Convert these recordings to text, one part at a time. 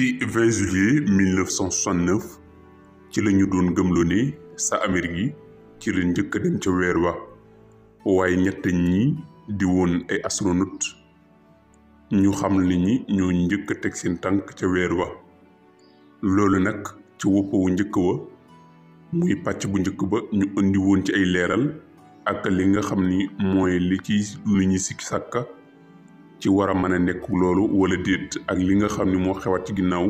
ci 20 juillet 1969 ci la ñu doon gëmloo ni sa Amérique yi ci la njëkk a dem ca weer wa waaye ñett ñi di woon ay astronaute ñu xam ne ñi ñoo njëkk a teg seen tànk ca weer wa loolu nag ci wopp wu njëkk wa muy pàcc bu njëkk ba ñu indi woon ci ay leeral ak li nga xam ni mooy li ci lu ñu sikki sàkka ci war a mën a nekk loolu wala déet ak li nga xam ni moo xewaat ci ginnaaw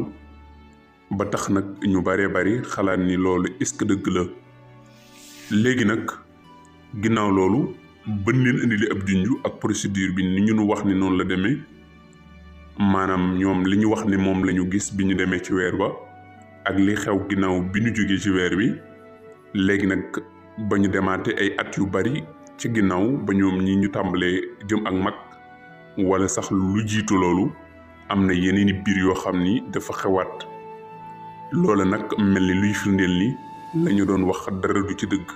ba tax nag ñu baree bari xalaat ni loolu est-ce que dëgg la léegi nag ginnaaw loolu bën leen indili ab junj ak procédure bi ni ñu nu wax ni noonu la demee maanaam ñoom li ñu wax ni moom lañu gis bi ñu demee ci weer ba ak li xew ginnaaw bi ñu jógee ci weer wi léegi nag ba ñu demaate ay at yu bari ci ginnaaw ba ñoom ñi ñu tàmbalee jëm ak mag wala sax lu jiitu loolu am na yeneeni biir yoo xam ni dafa xewaat loola nag mel ni luy firndeel ni lañu doon wax dara du ci dëgg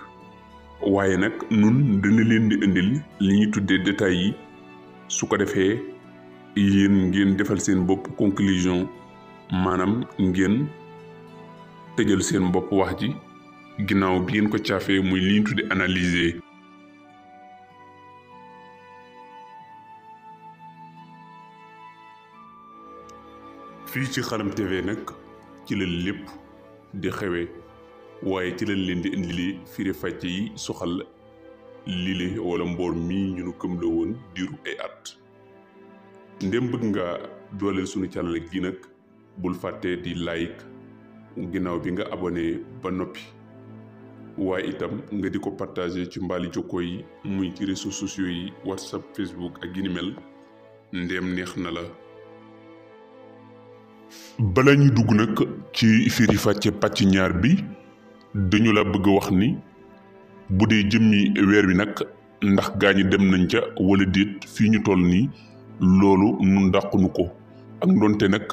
waaye nag nun dana leen di indil li ñuy tuddee détails yi su ko defee yéen ngeen defal seen bopp conclusion maanaam ngeen tëjal seen bopp wax ji ginnaaw bi ngeen ko caafee muy li ñu tuddee analyser fii ci xalam TV nag ci la lépp di xewee waaye ci lañ leen di indilee firi fàcce yi soxal lile wala mboor mi ñu nu gëm la woon diiru ay at ndem bëgg nga dooleel sunu càllale gi nag bul fàtte di like ginnaaw bi nga abonné ba noppi waaye itam nga di ko partager ci mbaali jokkoo yi muy ci réseaux sociaux yi whatsapp facebook ak yi ni mel ndem neex na la bala ñu dugg nag ci firi fàcce pàcc ñaar bi dañu la bëgg wax ni bu dee jëmmi weer wi nag ndax gaa ñi dem nañ ca walla déet fii ñu toll nii loolu nun dàqunu ko ak doonte nag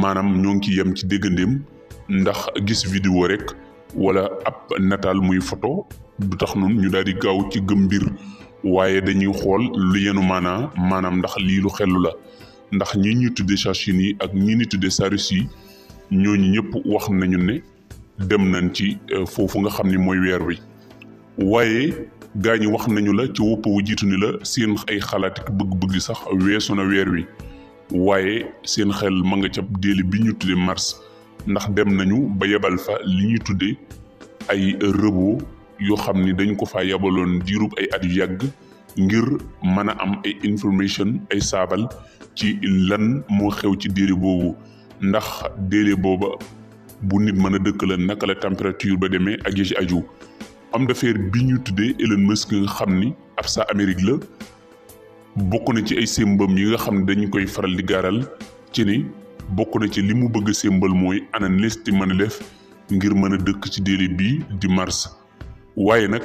maanaam ñoo ngi ci yem ci déggandeem ndax gis vidéo rekk walla ab nataal muy photo du tax nun ñu daal gaaw ci gëm mbir waaye dañuy xool lu yenu maanaa maanaam ndax liilu lu la ndax ñi ñuy tudde Chachine yi ak ñi ñuy tudde Sarus yi ñooñu ñëpp wax nañu ne dem nañ ci euh, foofu nga xam ni mooy weer wi waaye gaa ñi wax nañu la ci wopp jiitu ni la seen ay xalaat ak bëgg-bëgg sax weesu na weer wi waaye seen xel ma nga ca déeli bi ñu tudde mars ndax dem nañu ba yebal fa li ñuy tudde ay rëboo yoo xam ni dañu ko fa yebaloon diirub ay at yu yàgg ngir mën a am ay information ay saabal ci lan moo xew ci déere boobu ndax déere booba bu nit mën a dëkk la naka la température ba demee ak yi ci aju homme d'affaires bi ñu tuddee Elon Musk nga xam ni ab sa Amérique la bokk na ci ay sémbam yi nga xam ne dañu koy faral di gaaral ci ni bokk na ci li mu bëgg sémbal mooy ana nees di mën a def ngir mën a dëkk ci déere bii di mars waaye nag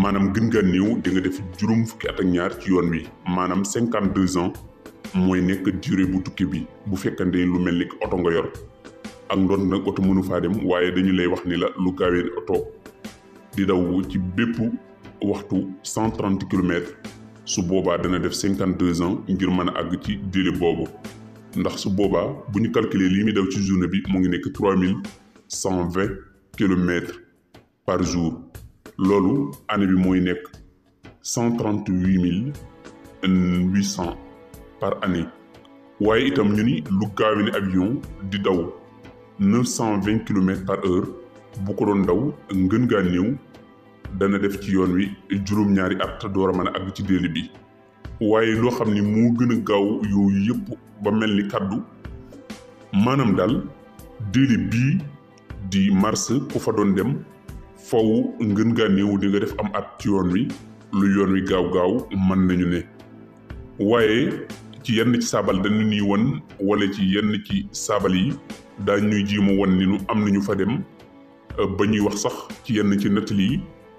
maanaam gën gaa néew di nga def juróom fukki at ak ñaar ci yoon wi maanaam cinquante deux ans mooy nekk durée bu tukki bi bu fekkante lu mel ni oto nga yor ak ndoon nag oto mënu faa dem waaye dañu lay wax ni la lu gaawee oto di daw ci bépp waxtu cent trente kilomètres su boobaa dana def cinquante deux ans ngir mën a àgg ci délai boobu ndax su boobaa bu ñu calculer lii muy daw ci journée bi mu ngi nekk trois mille cent vingt kilomètres jour. loolu année bi mooy nekk cent trente huit mille huit par année waaye itam ñu ni lu gaawe ne avion di daw neuf vingt kilomètres par heure bu ko doon daw ngën gaa néew dana def ci yoon wi juróom-ñaari at door a mën a àgg ci déeli bi waaye loo xam ni moo gën a gaaw yooyu yëpp ba mel ni kaddu maanaam daal déeli bii di mars ku fa doon dem faw ngën gaa néew def am at ci yoon wi lu yoon wi gaaw gaaw man nañu ne waaye ci yenn ci saabal dañu ñuy won wala ci yenn ci saabal yi daañ ñuy jiima won ni nu am nañu fa dem ba ñuy wax sax ci yenn ci nettali yi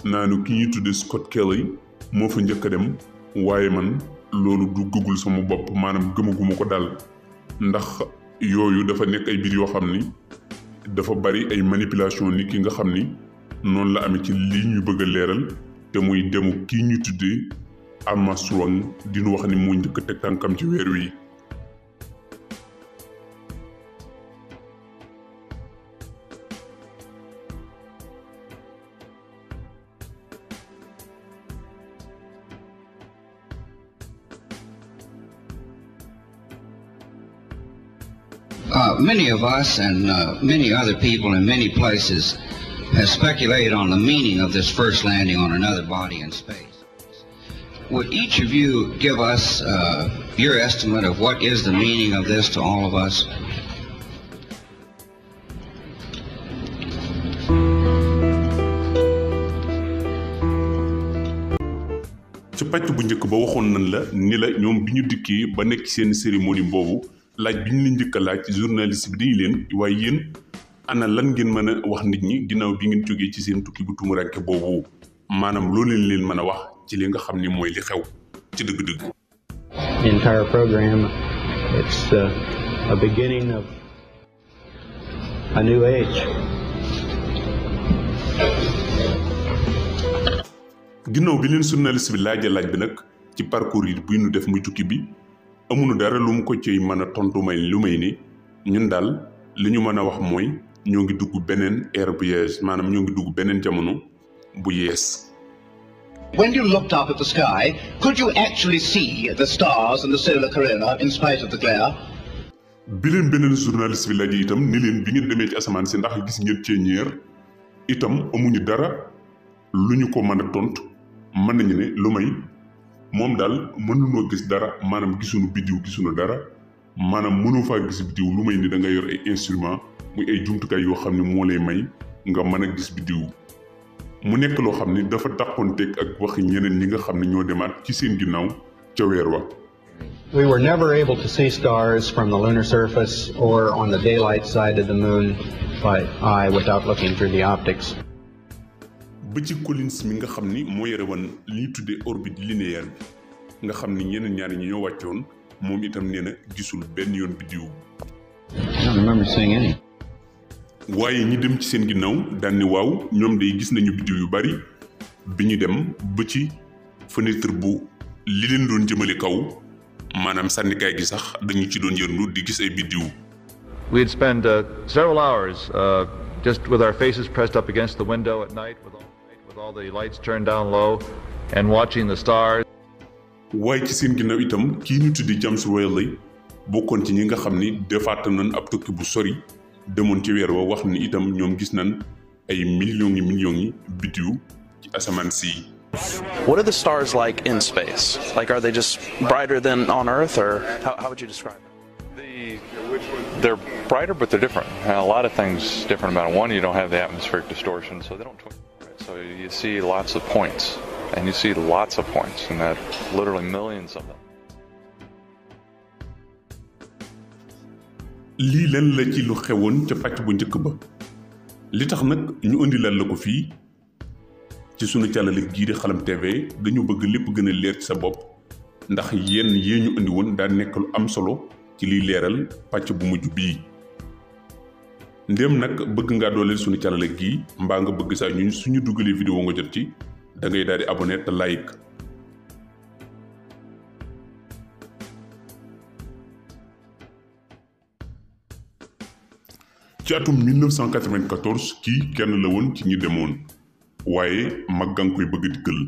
naanu ki ñuy tudde Scott Kelly moo fa njëkk a dem waaye man loolu du gugul sama bopp maanaam gëmaguma ko daal ndax yooyu dafa nekk ay biir yoo xam ni dafa bari ay manipulation ni ki nga xam ni la ci ñu bëgg te muy demu ñu di nu wax ni tànkam ci wi. Uh, many of us and uh, many other people in many places has speculated on the meaning of this first landing on another body in space. Would each of you give us uh, your estimate of what is the meaning of this to all of us? ci pàcc bu njëkk ba waxoon nañ la ni la ñoom bi ñu dikkee ba nekk seen cérémonie boobu laaj bi ñu njëkk a laaj journaliste bi dañu leen waaye yéen ana lan ngeen mën a wax nit ñi ginnaaw bi ngeen jógee ci seen tukki bu tumuranke boobu maanaam loolu leen leen mën a wax ci li nga xam ni mooy li xew ci dëgg-dëgg. Uh, a, a bi leen journaliste bi laajee laaj bi nag ci parcours yi bu ñu def muy tukki bi amuñu dara lu mu ko ciy mën a tontu may lu may ni ñun daal li ñu mën a wax mooy. ñoo ngi dugg beneen ère bu yees maanaam ñoo ngi dugg beneen jamono bu yees When you looked up at the sky, could you actually see the stars and the solar corona in spite of the glare? bi leen beneen journaliste bi laaj itam ni leen bi ngeen demee ci asamaan si ndax gis ngeen cee ñeer itam amuñu dara lu ñu ko mën a tontu mën nañu ne lu may moom daal mënunoo gis dara maanaam gisuñu biddiw gisuñu dara maanaam mënoo faa gis biddiw lu may ni da nga yor ay instrument muy ay jumtukaay yoo xam ne moo lay may nga mën a gis biddiw mu nekk loo xam ne dafa dàqonteeg ak waxi ñeneen ñi nga xam ne ñoo demaat ci seen ginnaaw ca weer wa. We were never able to see stars from the lunar surface or on the daylight side of the moon by eye without looking through the optics. ba ci Collins mi nga xam ni moo yore woon li ñu tuddee orbite linéaire bi nga xam ni ñeneen ñaari ñi ñoo wàccoon moom itam nee na gisul benn yoon biddiw. waaye ñi dem ci seen ginnaw daan ni waaw ñoom day gis nañu biddiw yu bari bi ñu dem ba ci fenêtre bu li leen doon jëmale kaw maanaam sànnikaay gi sax dañu ci doon yërndu di gis ay biddiw. We'd spend uh, several hours uh, just with our faces pressed up against the window at night with all, with all the lights turned down low and watching the stars. waaye ci seen ginnaaw itam kii ñu tuddi James Whale bokkoon ci ñi nga xam ni defaat nañ ab tukki bu sori. demoon ci wa wax ni itam gis nañ ay millions yi millions yi ci si. What are the stars like in space? Like, are they just brighter than on Earth, or how, how would you describe them? they're brighter, but they're different. And a lot of things different about One, you don't have the atmospheric distortion, so they don't twin. So you see lots of points, and you see lots of points, and that literally millions of them. lii leen la ci lu xewoon ca pàcc bu njëkk ba li tax nag ñu indi leen la ko fii ci sunu càllale gii di xalam TV dañu bëgg lépp gën a leer ci sa bopp ndax yenn yee ñu indi woon daa nekk am solo ci liy leeral pacc bu mujj bii ndéem nag bëgg ngaa dooleel sunu càllale gii mbaa nga bëgg saa ñu suñu dugalee vidéo nga jot ci da ngay daal di abone te like ci atum 1994 kii kenn la woon ci ñi demoon waaye mag ga nga koy bëgg di gël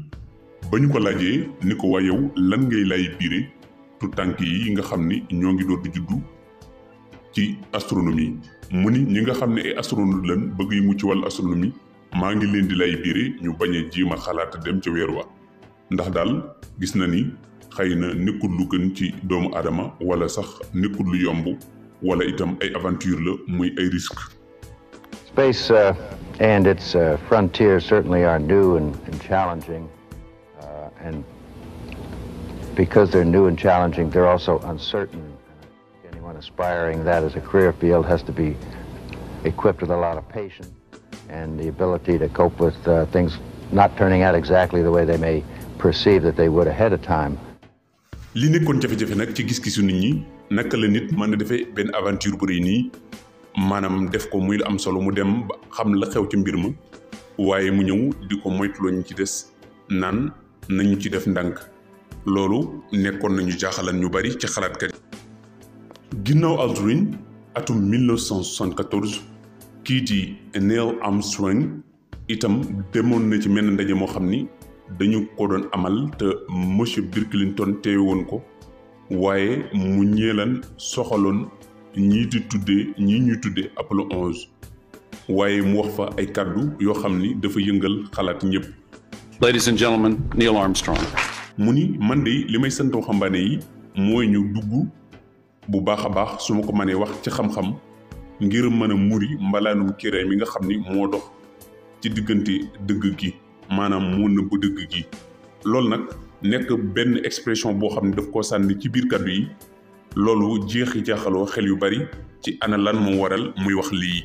ba ñu ko laajee ni ko waa yow lan ngay lay biire tu tànk yi nga xam ni ñoo ngi doon di juddu ci astronomie mu ni ñi nga xam ne ay astronautes lan bëgg yi mu ci wàllu astronomie maa ngi leen di lay biire ñu bañ a jéem a xalaat dem ca weer wa ndax daal gis na ni xëy na nekkul lu gën ci doomu aadama wala sax nekkul lu yomb wala itam ay aventure la muy ay risque. Space uh, and its uh, frontiers certainly are new and, and challenging, uh, and because they're new and challenging, they're also uncertain. Anyone aspiring that as a career field has to be equipped with a lot of patience and the ability to cope with uh, things not turning out exactly the way they may perceive that they would ahead of time. naka la nit mën a defee benn aventure bu rëy nii maanaam def ko muy am solo mu dem ba xam la xew ci mbir ma waaye mu ñëw di ko moytuloo ñu ci des naan nañu ci def ndànk loolu nekkoon nañu jaaxalan ñu bari ci xalaatkat ginnaaw Aldrin atum 1974 kii di Neil Armstrong itam demoon na ci menn ndaje moo xam ni dañu ko doon amal te monsieur Bill Clinton woon ko waaye mu ñeelan soxaloon ñii di tuddee ñii ñu tuddee Apollo 11 waaye mu wax fa ay kàddu yoo xam ni dafa yëngal xalaat ñëpp. Ladies and gentlemen, Neil Armstrong. mu ni man de li may sant waxambaane yi mooy ñu dugg bu baax a baax su ma ko mënee wax ci xam-xam ngir mën a muri mbalaanum kireem mi nga xam ni moo dox ci diggante dëgg gi maanaam mu nëbb dëgg gi loolu nag. nekk benn expression boo xam ne daf koo sànni ci biir kaddu yi loolu jeexi jaaxaloo xel yu bari ci ana lan moo waral muy wax lii.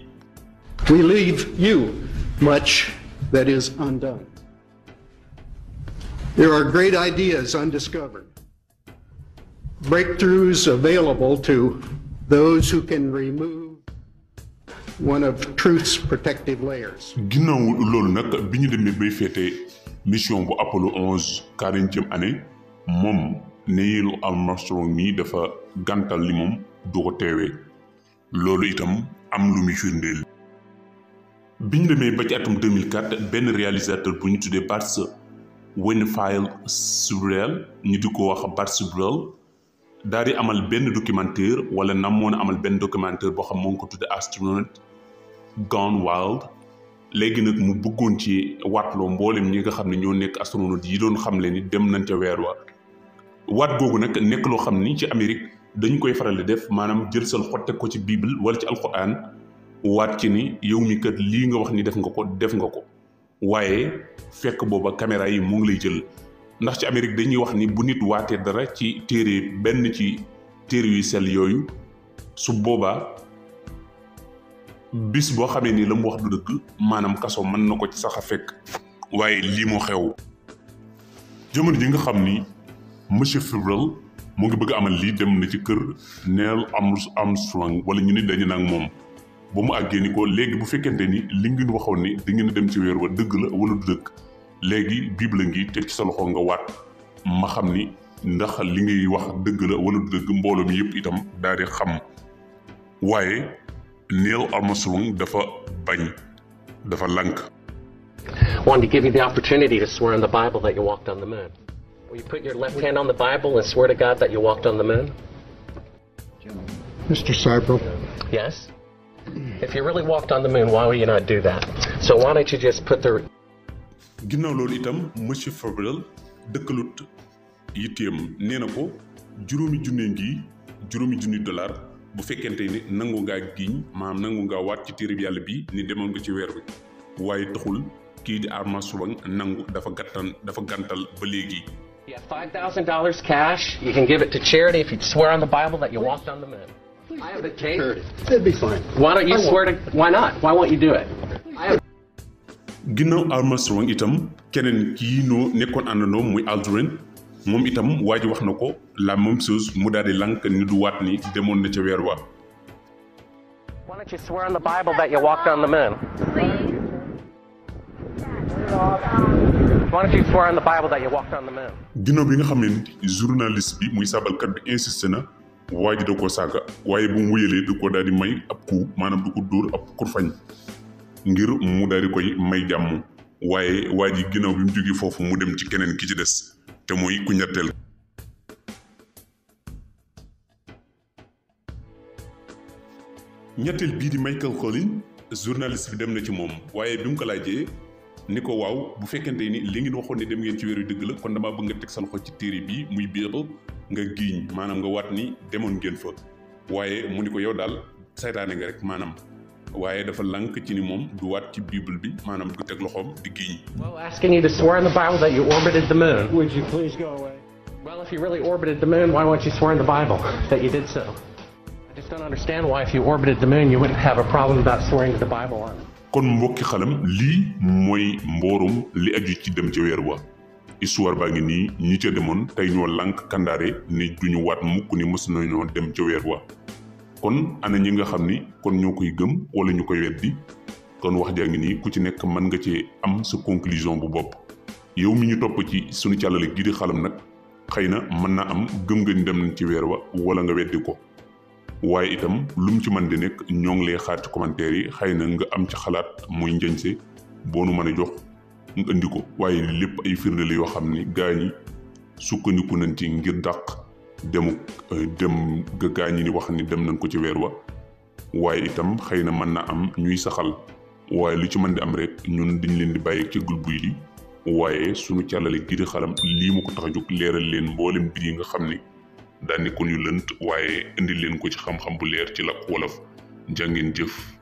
We leave you much that is undone. There are great ideas undiscovered, breakthroughs available to those who can remove one of truth's protective layers. mission bu Apollo 11 quarantième année moom Neil Armstrong mi dafa gantal li mom du ko teewee loolu itam am lu mi firndeel. biñ ba ci atum 2004 Ben réalisateur bu ñu tuddé Bart Winfield Surreal ñu di ko wax Bart daari amal Ben documentaire wala namone amal Ben documentaire bo xam astronaut gone wild. léegi nag mu bëggoon ci loo mboolem ñi nga xam ne ñoo nekk astronaute yi doon xam le ni dem nañ ca weer wa waat googu nag nekk loo xam ni ci Amérique dañu koy faral di def maanaam jël seen xottek ko ci bible wala ci alquran waat ci ni yow mi kat lii nga wax ni def nga ko def nga ko waaye fekk booba caméra yi mu ngi lay jël ndax ci Amérique dañuy wax ni bu nit waatee dara ci téere benn ci téere yu sel yooyu su boobaa bis boo xamee nii la mu wax du dëgg maanaam kaso mën na ko ci sax a fekk waaye lii moo xew jamono ji nga xam ni monsieur Fibrel mu ngi bëgg amal lii dem na ci kër Neil Armstrong wala ñu ni dañu nag moom ba mu àggee ni ko léegi bu fekkente ni li ngeen waxoon ni di ngeen dem ci weer wa dëgg la wala du dëgg léegi la ngi te ci sa loxo nga waat ma xam ni ndax li ngay wax dëgg la wala du dëgg mbooloo mi yëpp itam daal di xam waaye Neil Armstrong dafa bañ dafa lank. Wanted to give you the opportunity to swear on the Bible that you walked on the moon. Will you put your left hand on the Bible and swear to God that you walked on the moon? Mr. Seibel. Yes? If you really walked on the moon, why would you not do that? So why don't you just put the... ginnaaw loolu itam monsieur Fabrel dëkkalut yitteem nee na junne ngi junni bu fekkente ni nangu ngaa giñ maanaam nangu ngaa waat ci téereb yàlla bi ni demoon nga ci weer bi waaye taxul kii di Arma Souang nangu dafa gàttan dafa gàntal ba léegi. You have five thousand dollars swear on the Bible that you walked on the moon. I have itam keneen kii noo nekkoon àndandoo muy Aldrin moom itam waa wax na ko la même mu daal di lank ni du waat ni demoon na ca weer wa Why don't you swear in the Bible that you walked bi nga xam ne journaliste bi muy sabalkat bi insisté na waa ji da ko saaga waaye bu mu wéyalee da koo daal di may ab coup maanaam du ko ab kurfañ ngir mu daal di koy may jàmm waaye waa ji ginnaaw bi mu jógee foofu mu dem ci keneen ki ci des. te muy ku ñetteel ñetteel bii di Michael Collins journaliste bi dem na ci moom waaye bi mu ko laajee ni ko waaw bu fekkente ni li ngeen waxoon ne dem ngeen ci weer yu dëgg la kon damaa bëgg nga teg sa loxo ci téere bii muy Bible nga giiñ maanaam nga waat ni demoon ngeen fa waaye mu ni ko yow daal saytaane nga rek maanaam waaye dafa lank ci ni moom du waat ci bible bi maanaam du teg loxoom di giiñ. Well, asking you to swear in the Bible that you orbited the moon. Would you please go away? Well, if you really orbited the moon, why won't you swear in the Bible that you did so? I just don't understand why if you orbited the moon, you wouldn't have a problem about swearing to the Bible on it. kon mbokki xalam lii mooy mboorum li aju ci dem ci weer wa histoire baa ngi nii ñi ca demoon tey ñoo lank kandaare ni duñu waat mukk ni mës nañoo dem ca weer wa kon ana ñi nga xam ni kon ñoo koy gëm walla ñu koy weddi kon wax jaa ngi nii ku ci nekk mën nga ci am sa conclusion bu bopp yow mi ñu topp ci suñu càllale gi di xalam nag xëy na mën naa am gëm nga ni dem nañ ci weer wa wala nga weddi ko waaye itam lu ci mën di nekk ñoo ngi lay xaar ci commentaire yi xëy na nga am ci xalaat muy njëñse boo nu mën a jox nga indi ko waaye lépp ay firnde la yoo xam ni gaa ñi sukkandiku nañ ci ngir dàq demu dem euh, gaa ñi di wax ni dem nañ ko ci weer wa waaye itam xëy na mën na am ñuy saxal waaye lu ci mën di am rek ñun dañ leen di bàyyi ci gulbu yi waaye sunu càllale gi di xalam lii mu ko tax a jóg leeral leen mboole mbir nga xam ni daan nekkoon yu lënt waaye indi leen ko ci xam-xam bu leer ci làkk wolof jàngeen jëf